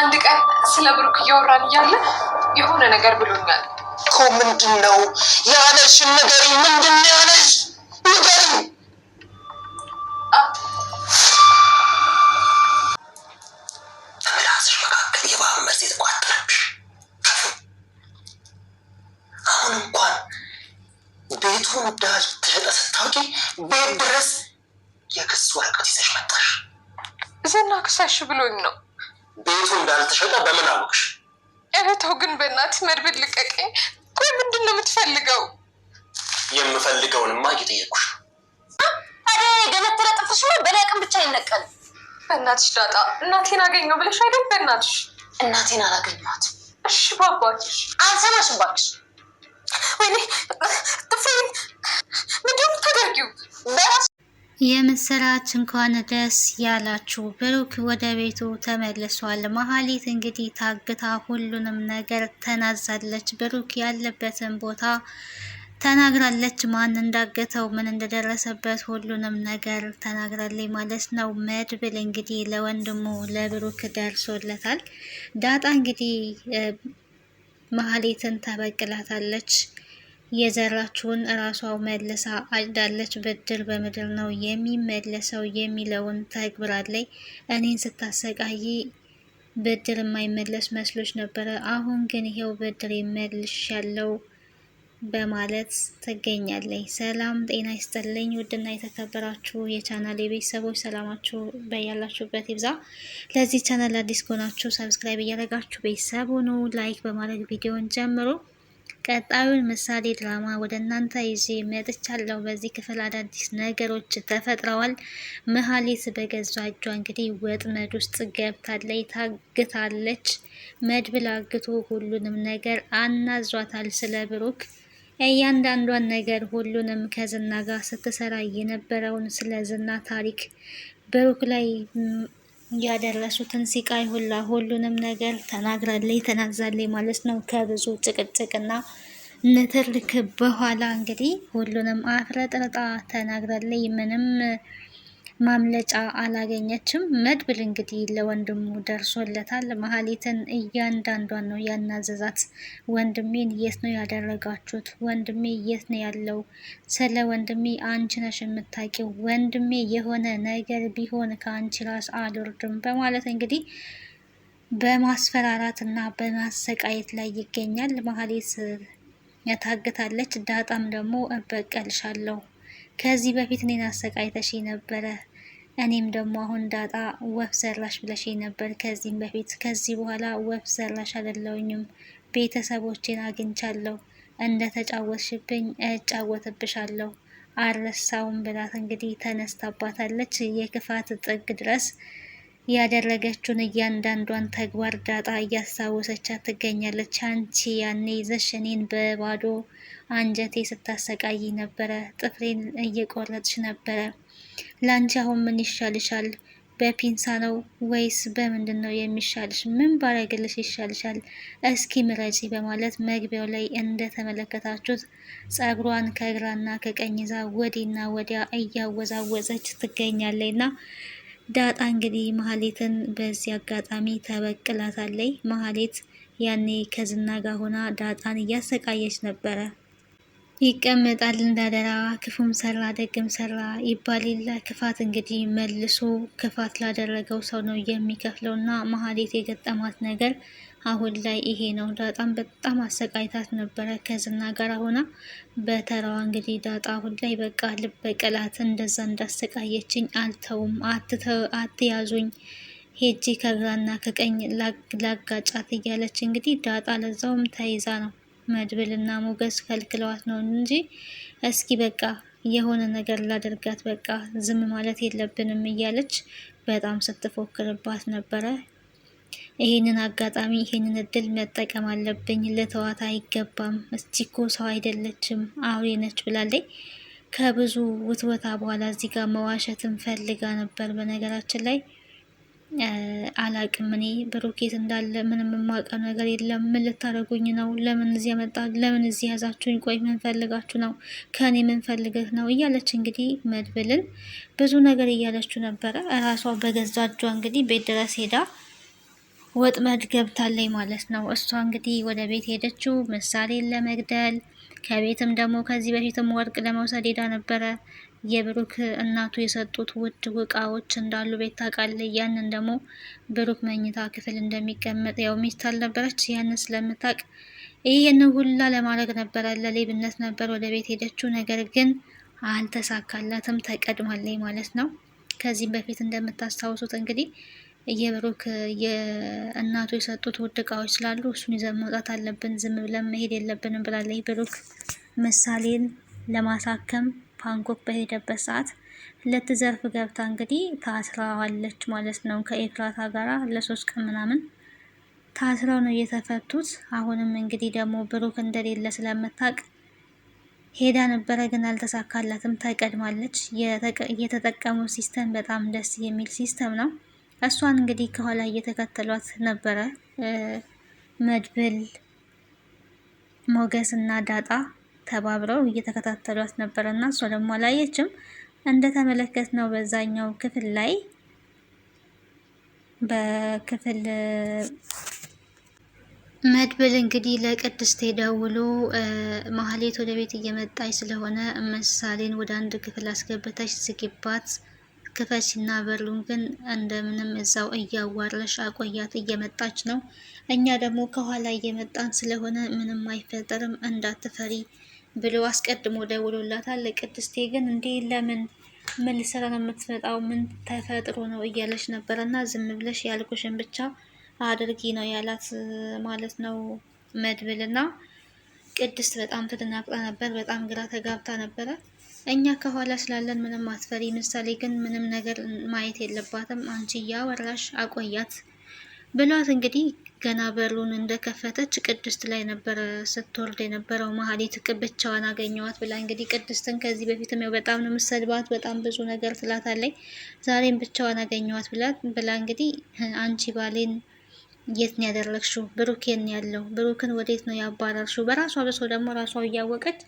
አንድ ቀን ስለ ብሩክ እያወራን እያለ የሆነ ነገር ብሎኛል እኮ። ምንድን ነው ያለሽን? ንገሪኝ። ምንድን ነው ያለሽ? ንገሪኝ። አሁን እንኳን ቤት ድረስ የክስ ወረቀት ይዘሽ መጣሽ። ዝና ብሎኝ ነው ቤቱ እንዳልተሸጠ በምን አወቅሽ? እህቶ ግን በእናትህ መድብል ልቀቀኝ። ቆይ ምንድን ነው የምትፈልገው? የምፈልገውንማ እየጠየኩሽ ታዲያ የገነጠለ ጥፍርሽ ነው በላይ አቅም ብቻ ይነቀል። በእናትሽ ዳጣ፣ እናቴን አገኘው ብለሽ አይደል? በእናትሽ እናቴን አላገኘኋት። እሺ ባባትሽ አልሰማሽም። እባክሽ ወይኔ ጥፍሬን ምንድን ነው የምታደርጊው? የምስራች እንኳን ደስ ያላችሁ። ብሩክ ወደ ቤቱ ተመልሷል። መሀሊት እንግዲህ ታግታ ሁሉንም ነገር ተናዛለች። ብሩክ ያለበትን ቦታ ተናግራለች። ማን እንዳገተው፣ ምን እንደደረሰበት ሁሉንም ነገር ተናግራለች ማለት ነው። መድብል እንግዲህ ለወንድሙ ለብሩክ ደርሶለታል። ዳጣ እንግዲህ መሀሊትን ተበቅላታለች። የዘራችውን እራሷው መልሳ አጭዳለች። ብድር በምድር ነው የሚመለሰው የሚለውን ተግብራት ላይ እኔን ስታሰቃይ ብድር የማይመለስ መስሎች ነበረ። አሁን ግን ይሄው ብድር ይመልሽ ያለው በማለት ትገኛለች። ሰላም ጤና ይስጥልኝ። ውድና የተከበራችሁ የቻናል የቤተሰቦች ሰላማችሁ በያላችሁበት ይብዛ። ለዚህ ቻናል አዲስ ከሆናችሁ ሰብስክራይብ እያደረጋችሁ ቤተሰብ ሁኑ። ላይክ በማድረግ ቪዲዮን ጀምሮ ቀጣዩን ምሳሌ ድራማ ወደ እናንተ ይዤ መጥቻለሁ። በዚህ ክፍል አዳዲስ ነገሮች ተፈጥረዋል። መሀሌት በገዛ እጇ እንግዲህ ወጥመድ ውስጥ ገብታለች፣ ታግታለች። መድብል አግቶ ሁሉንም ነገር አናዟታል። ስለ ብሩክ እያንዳንዷን ነገር ሁሉንም ከዝና ጋር ስትሰራ የነበረውን ስለ ዝና ታሪክ ብሩክ ላይ ያደረሱትን ስቃይ ሁላ ሁሉንም ነገር ተናግራለች ተናዛለች ማለት ነው። ከብዙ ጭቅጭቅና ንትርክ በኋላ እንግዲህ ሁሉንም አፍረጥርጣ ተናግራለች ምንም ማምለጫ አላገኘችም። መድብል እንግዲህ ለወንድሙ ደርሶለታል። መሀሌትን እያንዳንዷን ነው ያናዘዛት። ወንድሜን የት ነው ያደረጋችሁት? ወንድሜ የት ነው ያለው? ስለ ወንድሜ አንቺ ነሽ የምታውቂው። ወንድሜ የሆነ ነገር ቢሆን ከአንቺ ራስ አልወርድም በማለት እንግዲህ በማስፈራራት እና በማሰቃየት ላይ ይገኛል። መሀሌት ታግታለች። ዳጣም ደግሞ እበቀልሻለሁ ከዚህ በፊት እኔን አሰቃይተሽ ነበረ እኔም ደግሞ አሁን ዳጣ ወፍ ዘራሽ ብለሽ ነበር ከዚህም በፊት። ከዚህ በኋላ ወፍ ዘራሽ አይደለሁኝም፣ ቤተሰቦቼን አግኝቻለሁ። እንደ ተጫወትሽብኝ እጫወትብሻለሁ አልረሳውም ብላት እንግዲህ ተነስታባታለች። የክፋት ጥግ ድረስ ያደረገችውን እያንዳንዷን ተግባር ዳጣ እያስታወሰቻት ትገኛለች። አንቺ ያኔ ይዘሽ እኔን በባዶ አንጀቴ ስታሰቃይ ነበረ፣ ጥፍሬን እየቆረጥሽ ነበረ ለአንቺ አሁን ምን ይሻልሻል? በፒንሳ ነው ወይስ በምንድን ነው የሚሻልሽ? ምን ባረግልሽ ይሻልሻል? እስኪ ምረጪ በማለት መግቢያው ላይ እንደተመለከታችሁት ጸጉሯን ከግራና ከቀኝ ይዛ ወዲና ወዲያ እያወዛወዘች ትገኛለች። ና ዳጣ እንግዲህ መሀሌትን በዚህ አጋጣሚ ተበቅላታለች። መሀሌት ያኔ ከዝና ጋር ሆና ዳጣን እያሰቃየች ነበረ። ይቀመጣል እንዳደራ። ክፉም ሰራ ደግም ሰራ ይባል የለ። ክፋት እንግዲህ መልሶ ክፋት ላደረገው ሰው ነው የሚከፍለው። እና መሀሌት የገጠማት ነገር አሁን ላይ ይሄ ነው። ዳጣም በጣም አሰቃይታት ነበረ ከዝና ጋር ሆና በተራዋ እንግዲህ ዳጣ አሁን ላይ በቃ ልበቀላት፣ እንደዛ እንዳሰቃየችኝ አልተውም፣ አትያዙኝ ሄጂ ከግራና ከቀኝ ላጋጫት እያለች እንግዲህ ዳጣ ለዛውም ተይዛ ነው መድብልና ሞገስ ከልክለዋት ነው እንጂ እስኪ በቃ የሆነ ነገር ላደርጋት በቃ ዝም ማለት የለብንም እያለች በጣም ስትፎክርባት ነበረ። ይሄንን አጋጣሚ ይሄንን እድል መጠቀም አለብኝ፣ ልተዋት አይገባም፣ እስቲ እኮ ሰው አይደለችም አውሬ ነች ብላለች። ከብዙ ውትወታ በኋላ እዚህ ጋር መዋሸትን ፈልጋ ነበር በነገራችን ላይ አላቅም እኔ ብሩኬት እንዳለ ምንም የማውቀው ነገር የለም። ምን ልታደርጉኝ ነው? ለምን እዚህ መጣ? ለምን እዚህ ያዛችሁኝ? ቆይ ምን ፈልጋችሁ ነው? ከእኔ ምን ፈልገህ ነው? እያለች እንግዲህ መድብልን ብዙ ነገር እያለችው ነበረ። እራሷ በገዛ እጇ እንግዲህ ቤት ድረስ ሄዳ ወጥመድ ገብታለይ ማለት ነው። እሷ እንግዲህ ወደ ቤት ሄደችው ምሳሌን ለመግደል ከቤትም ደግሞ ከዚህ በፊትም ወርቅ ለመውሰድ ሄዳ ነበረ። የብሩክ እናቱ የሰጡት ውድ እቃዎች እንዳሉ ቤት ታውቃለች። ያንን ደግሞ ብሩክ መኝታ ክፍል እንደሚቀመጥ ያው ሚስት አልነበረች፣ ያንን ስለምታውቅ ይህንን ሁላ ለማድረግ ነበረ፣ ለሌብነት ነበር ወደ ቤት ሄደችው። ነገር ግን አልተሳካላትም፣ ተቀድማለች ማለት ነው። ከዚህም በፊት እንደምታስታውሱት እንግዲህ የብሩክ የእናቱ የሰጡት ውድ እቃዎች ስላሉ እሱን ይዘን መውጣት አለብን፣ ዝም ብለን መሄድ የለብንም ብላለች ብሩክ ምሳሌን ለማሳከም ባንኮክ በሄደበት ሰዓት ልትዘርፍ ገብታ እንግዲህ ታስራዋለች ማለት ነው። ከኤፍራታ ጋራ ለሶስት ቀን ምናምን ታስረው ነው የተፈቱት። አሁንም እንግዲህ ደግሞ ብሩክ እንደሌለ ስለምታቅ ሄዳ ነበረ፣ ግን አልተሳካላትም። ተቀድማለች። የተጠቀሙት ሲስተም በጣም ደስ የሚል ሲስተም ነው። እሷን እንግዲህ ከኋላ እየተከተሏት ነበረ መድብል ሞገስ እና ዳጣ ተባብረው እየተከታተሏት ነበረ እና እሷ ደግሞ አላየችም። እንደተመለከት ነው በዛኛው ክፍል ላይ በክፍል መድብል እንግዲህ ለቅድስት ደውሎ መሀሌት ወደ ቤት እየመጣች ስለሆነ ምሳሌን ወደ አንድ ክፍል አስገብታች ዝጊባት ክፈችና በሩን ግን እንደምንም እዛው እያዋረሽ አቆያት። እየመጣች ነው። እኛ ደግሞ ከኋላ እየመጣን ስለሆነ ምንም አይፈጠርም እንዳትፈሪ ብሎ አስቀድሞ ደውሎላታል። ቅድስቴ ግን እንዴ ለምን ምን ልሰራ ነው የምትመጣው? ምን ተፈጥሮ ነው እያለች ነበረ እና ዝም ብለሽ ያልኩሽን ብቻ አድርጊ ነው ያላት ማለት ነው መድብል እና ቅድስት በጣም ተደናግጣ ነበር። በጣም ግራ ተጋብታ ነበረ። እኛ ከኋላ ስላለን ምንም አትፈሪ። ምሳሌ ግን ምንም ነገር ማየት የለባትም አንቺ እያወራሽ አቆያት ብሏት እንግዲህ ገና በሩን እንደከፈተች ቅድስት ላይ ነበረ ስትወርድ የነበረው መሀሌት ብቻዋን አገኘዋት ብላ እንግዲህ ቅድስትን ከዚህ በፊትም ያው በጣም ነው የምትሰድባት፣ በጣም ብዙ ነገር ትላታለች። ዛሬም ብቻዋን አገኘዋት ብላ እንግዲህ አንቺ ባሌን የት ነው ያደረግሽው? ብሩኬን ያለው ብሩክን ወዴት ነው ያባረርሽው? በራሷ ብሶ ደግሞ ራሷ እያወቀች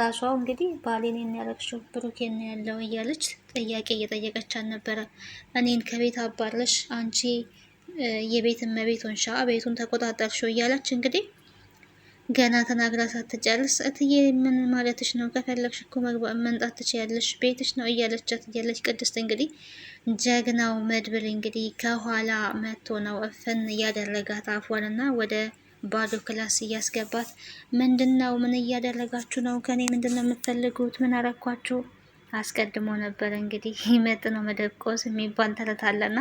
ራሷ እንግዲህ ባሌን የሚያረግሽው ብሩኬን ነው ያለው እያለች ጥያቄ እየጠየቀቻት ነበረ። እኔን ከቤት አባረሽ አንቺ የቤትን መቤት ሆንሻ ቤቱን ተቆጣጠርሽው እያለች እንግዲህ ገና ተናግራ ሳትጨርስ እትዬ ምን ማለትሽ ነው? ከፈለግሽ እኮ መምጣት ትችያለሽ፣ ቤትሽ ነው እያለቻት እያለች ቅድስት እንግዲህ ጀግናው መድብል እንግዲህ ከኋላ መጥቶ ነው እፍን እያደረጋት አፏንና ወደ ባዶ ክላስ እያስገባት ምንድን ነው ምን እያደረጋችሁ ነው? ከኔ ምንድን ነው የምትፈልጉት? ምን አረኳችሁ? አስቀድሞ ነበር እንግዲህ ይመጥ ነው መደቆስ የሚባል ተረት አለና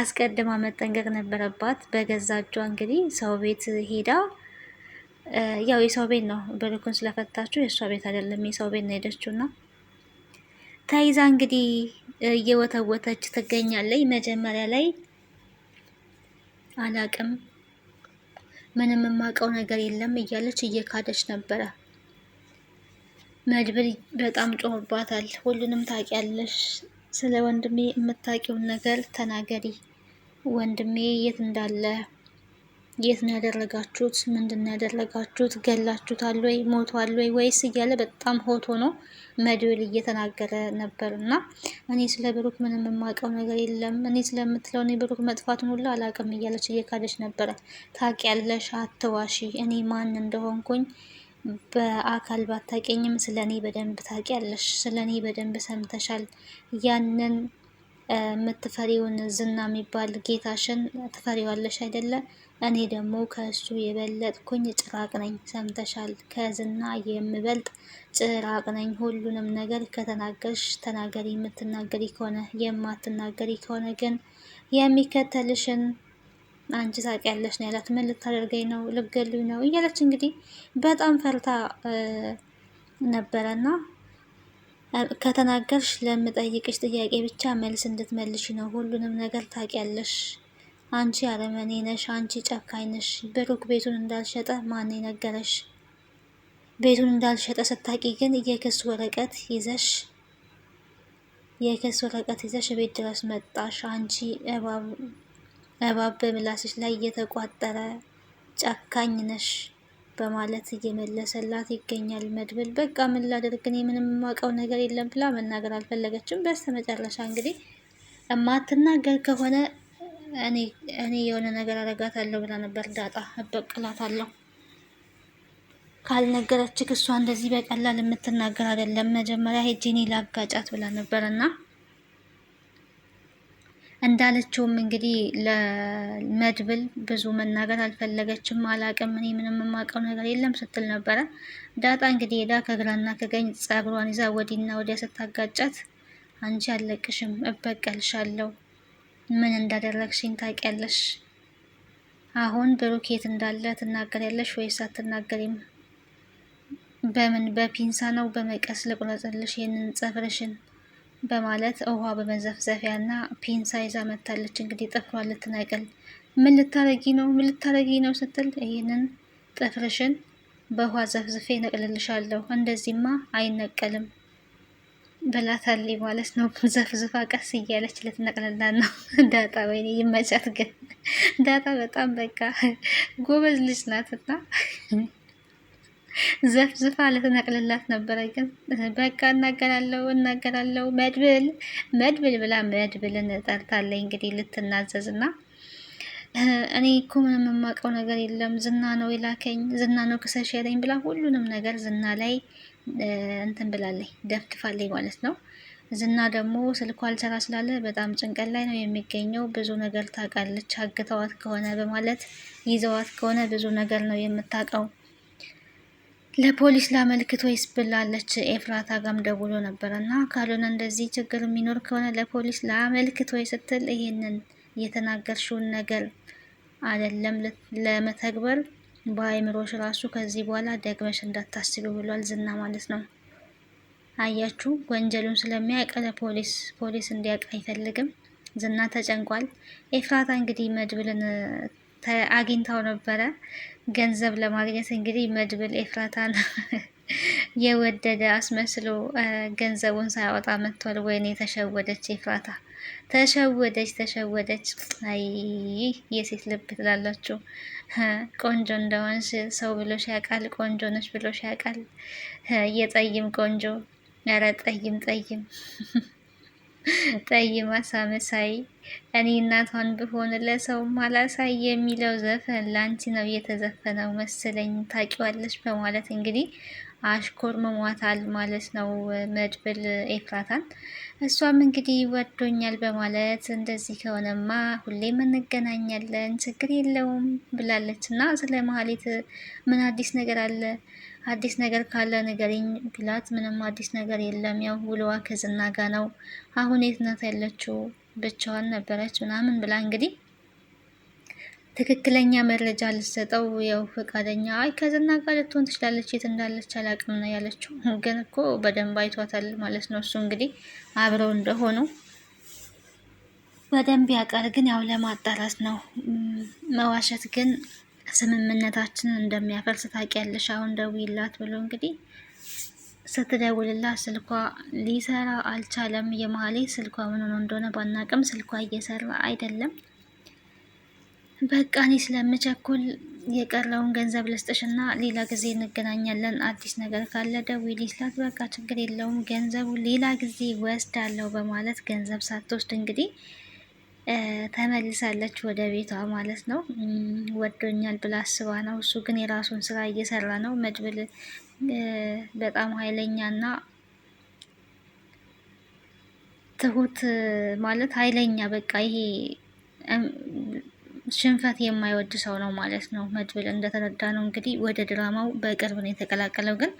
አስቀድማ መጠንቀቅ ነበረባት። በገዛ እጇ እንግዲህ ሰው ቤት ሄዳ ያው የሰው ቤት ነው ብሩክን ስለፈታችሁ የእሷ ቤት አይደለም የሰው ቤት ነው ና ተይዛ እንግዲህ እየወተወተች ትገኛለች። መጀመሪያ ላይ አላቅም ምንም የማውቀው ነገር የለም እያለች እየካደች ነበረ። መድብል በጣም ጮህባታል። ሁሉንም ታውቂያለሽ፣ ስለ ወንድሜ የምታውቂውን ነገር ተናገሪ፣ ወንድሜ የት እንዳለ የት ነው ያደረጋችሁት? ምንድን ነው ያደረጋችሁት? ገላችሁታል ወይ ሞቷል ወይ ወይስ እያለ በጣም ሆቶ ነው መድብል እየተናገረ ነበር። እና እኔ ስለ ብሩክ ምንም የማውቀው ነገር የለም እኔ ስለምትለው እኔ ብሩክ መጥፋቱን ሁሉ አላውቅም እያለች እየካደች ነበረ። ታውቂያለሽ፣ አትዋሺ። እኔ ማን እንደሆንኩኝ በአካል ባታውቂኝም ስለ እኔ በደንብ ታውቂያለሽ። ስለ እኔ በደንብ ሰምተሻል። ያንን የምትፈሪውን ዝና የሚባል ጌታሽን ትፈሪዋለሽ አይደለ? እኔ ደግሞ ከእሱ የበለጥኩኝ ጭራቅ ነኝ። ሰምተሻል? ከዝና የምበልጥ ጭራቅ ነኝ። ሁሉንም ነገር ከተናገርሽ ተናገሪ፣ የምትናገሪ ከሆነ የማትናገሪ ከሆነ ግን የሚከተልሽን አንቺ ታውቂያለሽ ነው ያላት። ምን ልታደርገኝ ነው? ልገሉኝ ነው እያለች እንግዲህ በጣም ፈርታ ነበረና ከተናገርሽ ለምጠይቅሽ ጥያቄ ብቻ መልስ እንድትመልሽ ነው። ሁሉንም ነገር ታውቂያለሽ። አንቺ አረመኔ ነሽ፣ አንቺ ጨካኝ ነሽ። ብሩክ ቤቱን እንዳልሸጠ ማን ነገረሽ? ቤቱን እንዳልሸጠ ስታቂ ግን የክስ ወረቀት ይዘሽ የክስ ወረቀት ይዘሽ ቤት ድረስ መጣሽ። አንቺ እባብ በምላስሽ ላይ እየተቋጠረ ጨካኝ ነሽ። በማለት እየመለሰላት ይገኛል። መድብል በቃ ምን ላደርግ እኔ ምንም የማውቀው ነገር የለም ብላ መናገር አልፈለገችም። በስተመጨረሻ እንግዲህ እማትናገር ከሆነ እኔ የሆነ ነገር አረጋታለሁ ብላ ነበር ዳጣ፣ እበቅላታለሁ ካልነገረችክ እሷ እንደዚህ በቀላል የምትናገር አይደለም መጀመሪያ ሄጄ እኔ ላጋጫት ብላ ነበር እና እንዳለችውም እንግዲህ ለመድብል ብዙ መናገር አልፈለገችም። አላቅም እኔ ምንም የማውቀው ነገር የለም ስትል ነበረ። ዳጣ እንግዲህ ሄዳ ከግራና ከቀኝ ጸጉሯን ይዛ ወዲና ወዲያ ስታጋጫት አንቺ አለቅሽም፣ እበቀልሻለሁ ምን እንዳደረግሽኝ ታውቂያለሽ። አሁን ብሩኬት እንዳለ ትናገሪያለሽ ወይስ አትናገሪም? በምን በፒንሳ ነው በመቀስ ልቁረጽልሽ ይህንን ጸፍርሽን በማለት ውሃ በመዘፍዘፊያ እና ፒንሳ ይዛ መታለች። እንግዲህ ጥፍሯን ልትነቅል ምን ልታረጊ ነው? ምን ልታረጊ ነው ስትል ይህንን ጥፍርሽን በውሃ ዘፍዝፌ ነቅልልሻለሁ፣ እንደዚህማ አይነቀልም በላታሌ ማለት ነው። ዘፍዝፋ ቀስ እያለች ልትነቅልላ ነው ዳጣ። ወይኔ ይመቻት። ግን ዳጣ በጣም በቃ ጎበዝ ልጅ ናትና ዘፍዝፋ ልትነቅልላት ነበረ። ግን በቃ እናገራለሁ እናገራለሁ መድብል መድብል ብላ መድብልን ጠርታለኝ። እንግዲህ ልትናዘዝ እና እኔ እኮ ምንም የማውቀው ነገር የለም ዝና ነው የላከኝ፣ ዝና ነው ክሰሽ ያለኝ ብላ ሁሉንም ነገር ዝና ላይ እንትን ብላለኝ ደፍትፋለኝ ማለት ነው። ዝና ደግሞ ስልኩ አልሰራ ስላለ በጣም ጭንቀት ላይ ነው የሚገኘው። ብዙ ነገር ታውቃለች፣ አግተዋት ከሆነ በማለት ይዘዋት ከሆነ ብዙ ነገር ነው የምታውቀው። ለፖሊስ ላመልክት ወይስ ብላለች። ኤፍራታ ጋም ደውሎ ነበረ እና ካልሆነ እንደዚህ ችግር የሚኖር ከሆነ ለፖሊስ ላመልክት ወይ ስትል ይህንን የተናገርሽውን ነገር አይደለም ለመተግበር በአይምሮሽ ራሱ ከዚህ በኋላ ደግመሽ እንዳታስቢ ብሏል ዝና ማለት ነው። አያችሁ ወንጀሉን ስለሚያውቅ ለፖሊስ ፖሊስ እንዲያውቅ አይፈልግም። ዝና ተጨንቋል። ኤፍራታ እንግዲህ መድብልን አግኝታው ነበረ። ገንዘብ ለማግኘት እንግዲህ መድብል ኤፍራታን የወደደ አስመስሎ ገንዘቡን ሳያወጣ መጥቷል። ወይኔ ተሸወደች ኤፍራታ፣ ተሸወደች፣ ተሸወደች። አይ የሴት ልብ ትላላችሁ። ቆንጆ እንደሆንሽ ሰው ብሎሽ ያውቃል። ቆንጆ ነች ብሎ ያውቃል። የጠይም ቆንጆ፣ ያረ ጠይም ጠይም ጠይማ ሳመሳይ እኔ እናቷን ብሆን ለሰው ማላሳይ የሚለው ዘፈን ላንቺ ነው የተዘፈነው መሰለኝ ታቂዋለች በማለት እንግዲህ አሽኮር መሟታል ማለት ነው መድብል ኤፍራታን። እሷም እንግዲህ ወዶኛል በማለት እንደዚህ ከሆነማ ሁሌም እንገናኛለን ችግር የለውም ብላለች እና ስለ መሀሌት ምን አዲስ ነገር አለ አዲስ ነገር ካለ ንገሪኝ ቢላት ምንም አዲስ ነገር የለም፣ ያው ውሎዋ ከዝና ጋ ነው። አሁን የት ናት ያለችው? ብቻዋን ነበረች ምናምን ብላ እንግዲህ ትክክለኛ መረጃ ልሰጠው ያው ፈቃደኛ አይ ከዝና ጋር ልትሆን ትችላለች፣ የት እንዳለች አላቅም ነው ያለችው። ግን እኮ በደንብ አይቷታል ማለት ነው። እሱ እንግዲህ አብረው እንደሆኑ በደንብ ያውቃል። ግን ያው ለማጣራት ነው መዋሸት ግን ስምምነታችንን እንደሚያፈርስ ታውቂያለሽ። አሁን ደውይላት ብሎ እንግዲህ ስትደውልላት ስልኳ ሊሰራ አልቻለም። የማሌ ስልኳ ምን ሆኖ እንደሆነ ባናቅም ስልኳ እየሰራ አይደለም። በቃ እኔ ስለምቸኩል የቀረውን ገንዘብ ልስጥሽና ሌላ ጊዜ እንገናኛለን፣ አዲስ ነገር ካለ ደውይ ሊስላት። በቃ ችግር የለውም ገንዘቡ ሌላ ጊዜ ወስዳለሁ በማለት ገንዘብ ሳትወስድ እንግዲህ ተመልሳለች ወደ ቤቷ ማለት ነው። ወዶኛል ብላ አስባ ነው። እሱ ግን የራሱን ስራ እየሰራ ነው። መድብል በጣም ኃይለኛና ትሁት ማለት ኃይለኛ በቃ ይሄ ሽንፈት የማይወድ ሰው ነው ማለት ነው። መድብል እንደተረዳ ነው እንግዲህ ወደ ድራማው በቅርብ ነው የተቀላቀለው። ግን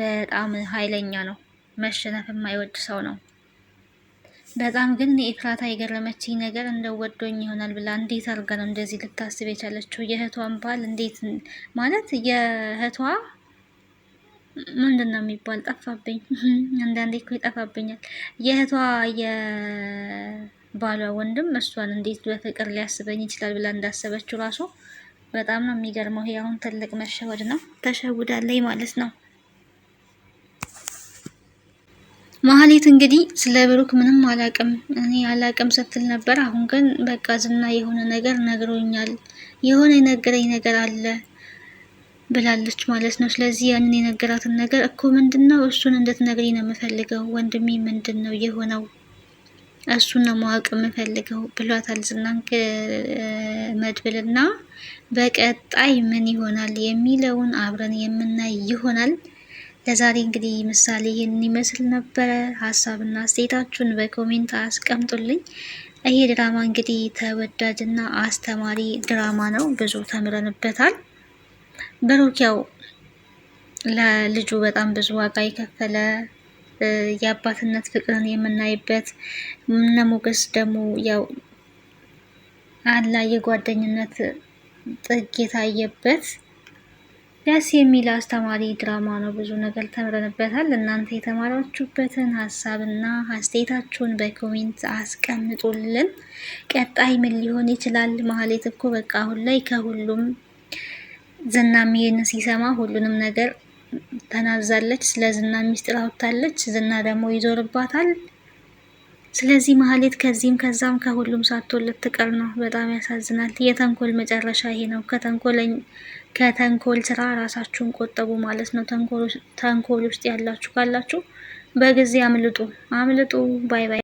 በጣም ኃይለኛ ነው፣ መሸነፍ የማይወድ ሰው ነው። በጣም ግን እኔ ኤፍራታ የገረመችኝ ነገር እንደ ወዶኝ ይሆናል ብላ እንዴት አድርጋ ነው እንደዚህ ልታስብ የቻለችው? የእህቷን ባል እንዴት ማለት የእህቷ ምንድን ነው የሚባል ጠፋብኝ። አንዳንዴ እኮ ይጠፋብኛል። የእህቷ የባሏ ወንድም እሷን እንዴት በፍቅር ሊያስበኝ ይችላል ብላ እንዳሰበችው ራሱ በጣም ነው የሚገርመው። ይሄ አሁን ትልቅ መሸወድ ነው። ተሸውዳለይ ማለት ነው። ማህሌት እንግዲህ ስለ ብሩክ ምንም አላቅም እኔ አላቅም ስትል ነበር። አሁን ግን በቃ ዝና የሆነ ነገር ነግሮኛል፣ የሆነ የነገረኝ ነገር አለ ብላለች ማለት ነው። ስለዚህ ያንን የነገራትን ነገር እኮ ምንድን ነው እሱን እንድትነግሪኝ ነው የምፈልገው። ወንድሜ ምንድን ነው የሆነው? እሱን ነው ማወቅ የምፈልገው ብሏታል ዝናን መድብልና፣ በቀጣይ ምን ይሆናል የሚለውን አብረን የምናይ ይሆናል። ለዛሬ እንግዲህ ምሳሌ ይህን ይመስል ነበረ። ሀሳብና አስተያየታችሁን በኮሜንት አስቀምጡልኝ። ይሄ ድራማ እንግዲህ ተወዳጅና አስተማሪ ድራማ ነው። ብዙ ተምረንበታል። ብሩክ ያው ለልጁ በጣም ብዙ ዋጋ የከፈለ የአባትነት ፍቅርን የምናይበት እነ ሞገስ ደግሞ ያው አላ የጓደኝነት ጥግ የታየበት ደስ የሚል አስተማሪ ድራማ ነው። ብዙ ነገር ተምረንበታል። እናንተ የተማራችሁበትን ሀሳብና አስተያየታችሁን በኮሜንት አስቀምጡልን። ቀጣይ ምን ሊሆን ይችላል? ማህሌት እኮ በቃ አሁን ላይ ከሁሉም ዝናም ይሄን ሲሰማ ሁሉንም ነገር ተናዛለች። ስለ ዝና ሚስጥር አውጥታለች። ዝና ደግሞ ይዞርባታል። ስለዚህ ማህሌት ከዚህም ከዛም ከሁሉም ሳትወልድ ልትቀር ነው። በጣም ያሳዝናል። የተንኮል መጨረሻ ይሄ ነው። ከተንኮለኝ ከተንኮል ስራ ራሳችሁን ቆጠቡ ማለት ነው። ተንኮል ውስጥ ያላችሁ ካላችሁ በጊዜ አምልጡ አምልጡ። ባይ ባይ።